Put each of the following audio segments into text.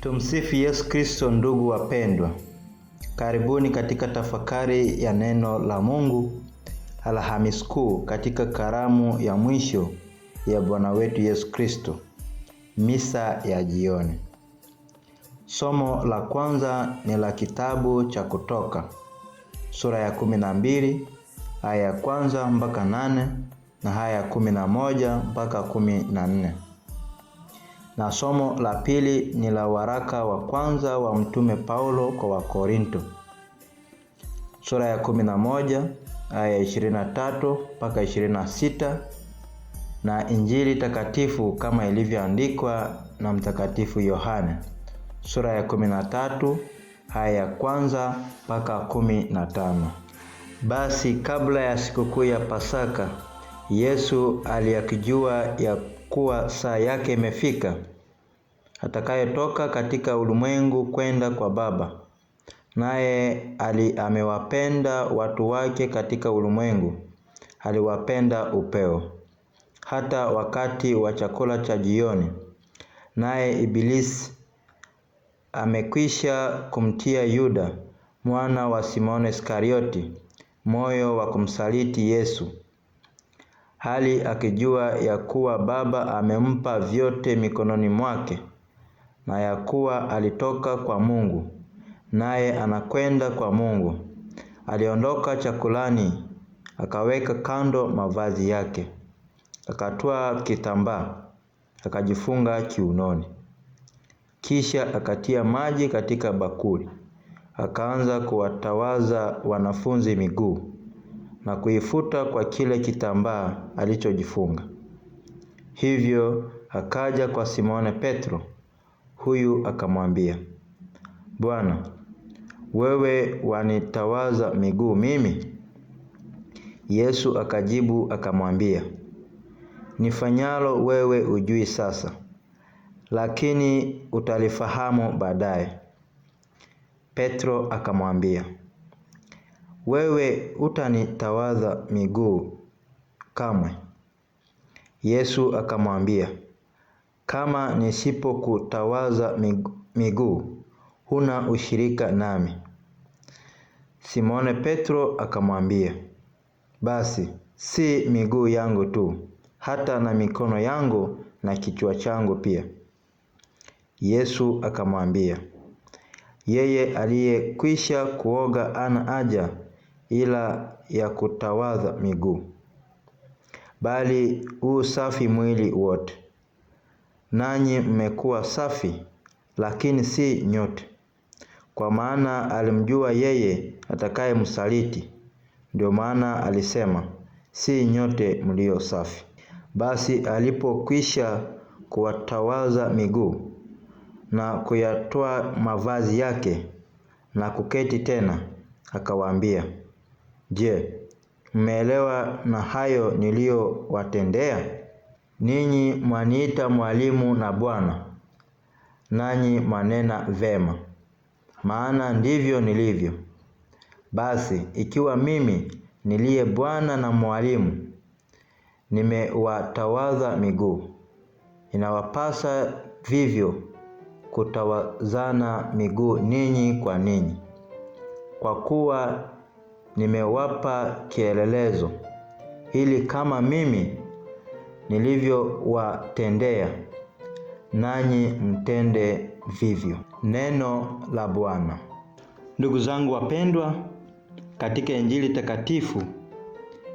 Tumsifu Yesu Kristo. Ndugu wapendwa, karibuni katika tafakari ya neno la Mungu Alhamisi Kuu, katika karamu ya mwisho ya Bwana wetu Yesu Kristo, misa ya jioni. Somo la kwanza ni la kitabu cha Kutoka sura ya kumi na mbili aya ya kwanza mpaka nane na haya ya kumi na moja mpaka kumi na nne na somo la pili ni la waraka wa kwanza wa Mtume Paulo kwa Wakorinto sura ya 11 aya 23 mpaka 26 na Injili takatifu kama ilivyoandikwa na Mtakatifu Yohane sura ya 13 aya ya kwanza mpaka 15. Basi kabla ya sikukuu ya Pasaka Yesu aliyakijua ya kuwa saa yake imefika atakayetoka katika ulimwengu kwenda kwa Baba, naye ali amewapenda watu wake katika ulimwengu, aliwapenda upeo hata wakati wa chakula cha jioni. Naye Ibilisi amekwisha kumtia Yuda mwana wa Simoni Iskarioti moyo wa kumsaliti Yesu hali akijua ya kuwa Baba amempa vyote mikononi mwake na ya kuwa alitoka kwa Mungu naye anakwenda kwa Mungu. Aliondoka chakulani, akaweka kando mavazi yake, akatoa kitambaa, akajifunga kiunoni. Kisha akatia maji katika bakuli, akaanza kuwatawaza wanafunzi miguu na kuifuta kwa kile kitambaa alichojifunga. Hivyo akaja kwa Simone Petro, huyu akamwambia, Bwana, wewe wanitawaza miguu mimi? Yesu akajibu akamwambia, nifanyalo wewe ujui sasa, lakini utalifahamu baadaye. Petro akamwambia wewe utanitawadha miguu kamwe. Yesu akamwambia, kama nisipokutawaza miguu, huna ushirika nami. Simone Petro akamwambia, basi si miguu yangu tu, hata na mikono yangu na kichwa changu pia. Yesu akamwambia, yeye aliyekwisha kuoga ana haja ila ya kutawadha miguu, bali huu safi mwili wote. Nanyi mmekuwa safi, lakini si nyote. Kwa maana alimjua yeye msaliti. ndio maana alisema si nyote mlio safi. Basi alipokwisha kuwatawaza miguu na kuyatoa mavazi yake na kuketi tena, akawaambia Je, mmeelewa na hayo niliyowatendea? Ninyi mwaniita mwalimu na Bwana, nanyi mwanena vema, maana ndivyo nilivyo. Basi ikiwa mimi niliye Bwana na mwalimu nimewatawaza miguu, inawapasa vivyo kutawazana miguu ninyi kwa ninyi, kwa kuwa nimewapa kielelezo, ili kama mimi nilivyowatendea, nanyi mtende vivyo. Neno la Bwana. Ndugu zangu wapendwa, katika Injili takatifu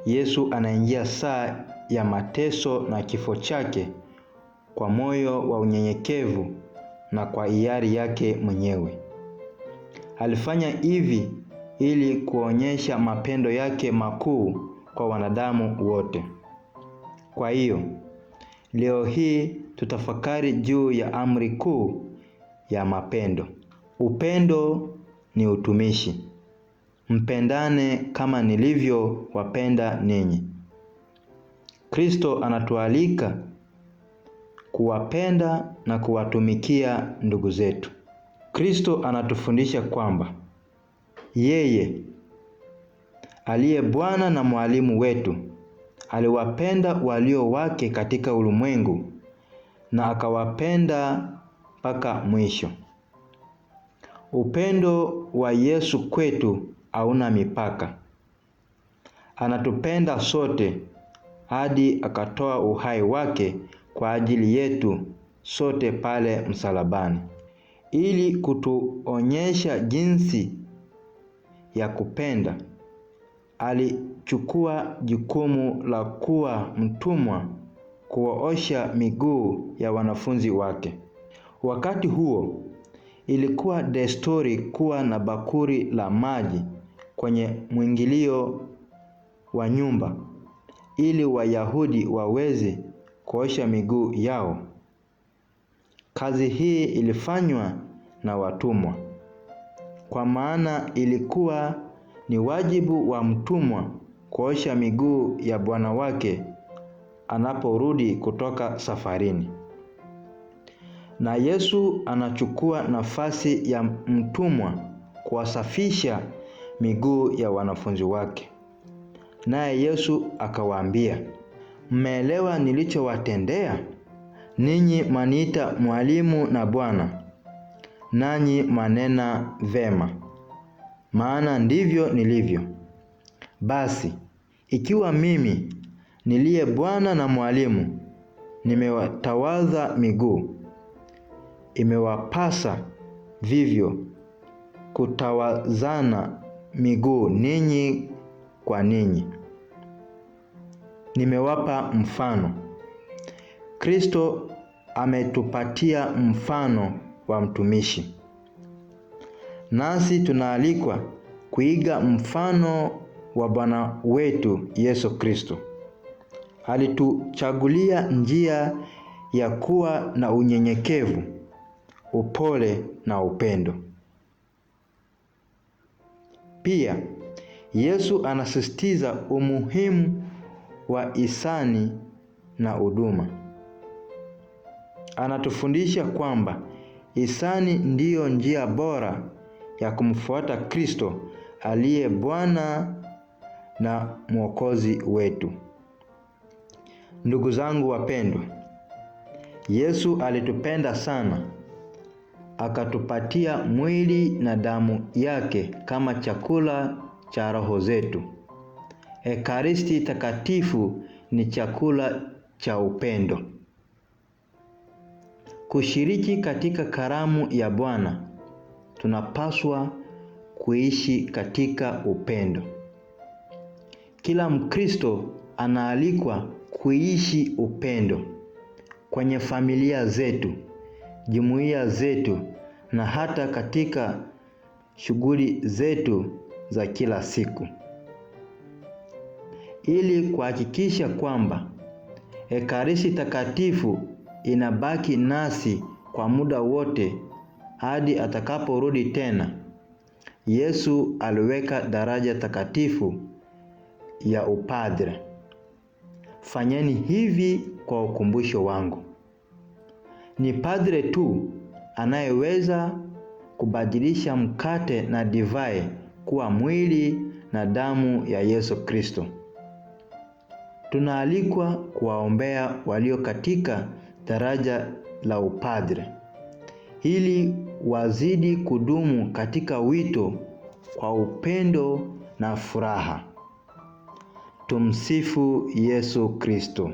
Yesu anaingia saa ya mateso na kifo chake kwa moyo wa unyenyekevu na kwa hiari yake mwenyewe. Alifanya hivi ili kuonyesha mapendo yake makuu kwa wanadamu wote. Kwa hiyo leo hii tutafakari juu ya amri kuu ya mapendo. Upendo ni utumishi. Mpendane kama nilivyo wapenda ninyi. Kristo anatualika kuwapenda na kuwatumikia ndugu zetu. Kristo anatufundisha kwamba yeye aliye Bwana na mwalimu wetu aliwapenda walio wake katika ulimwengu na akawapenda mpaka mwisho. Upendo wa Yesu kwetu hauna mipaka. Anatupenda sote hadi akatoa uhai wake kwa ajili yetu sote pale msalabani, ili kutuonyesha jinsi ya kupenda, alichukua jukumu la kuwa mtumwa kuwaosha miguu ya wanafunzi wake. Wakati huo ilikuwa desturi kuwa na bakuri la maji kwenye mwingilio wa nyumba ili Wayahudi waweze kuosha miguu yao. Kazi hii ilifanywa na watumwa kwa maana ilikuwa ni wajibu wa mtumwa kuosha miguu ya bwana wake anaporudi kutoka safarini. Na Yesu anachukua nafasi ya mtumwa kuwasafisha miguu ya wanafunzi wake. Naye Yesu akawaambia, mmeelewa nilichowatendea? Ninyi maniita mwalimu na Bwana, nanyi mwanena vema, maana ndivyo nilivyo. Basi ikiwa mimi niliye Bwana na mwalimu nimewatawaza miguu, imewapasa vivyo kutawazana miguu ninyi kwa ninyi. Nimewapa mfano. Kristo ametupatia mfano wa mtumishi. Nasi tunaalikwa kuiga mfano wa Bwana wetu Yesu Kristo. Alituchagulia njia ya kuwa na unyenyekevu, upole na upendo. Pia Yesu anasisitiza umuhimu wa isani na huduma. Anatufundisha kwamba Hisani ndiyo njia bora ya kumfuata Kristo aliye Bwana na Mwokozi wetu. Ndugu zangu wapendwa, Yesu alitupenda sana akatupatia mwili na damu yake kama chakula cha roho zetu. Ekaristi takatifu ni chakula cha upendo. Kushiriki katika karamu ya Bwana, tunapaswa kuishi katika upendo. Kila Mkristo anaalikwa kuishi upendo kwenye familia zetu, jumuiya zetu na hata katika shughuli zetu za kila siku, ili kuhakikisha kwamba Ekaristi takatifu inabaki nasi kwa muda wote hadi atakaporudi tena. Yesu aliweka daraja takatifu ya upadre. Fanyeni hivi kwa ukumbusho wangu. Ni padre tu anayeweza kubadilisha mkate na divai kuwa mwili na damu ya Yesu Kristo. Tunaalikwa kuwaombea walio katika daraja la upadre ili wazidi kudumu katika wito kwa upendo na furaha. Tumsifu Yesu Kristo.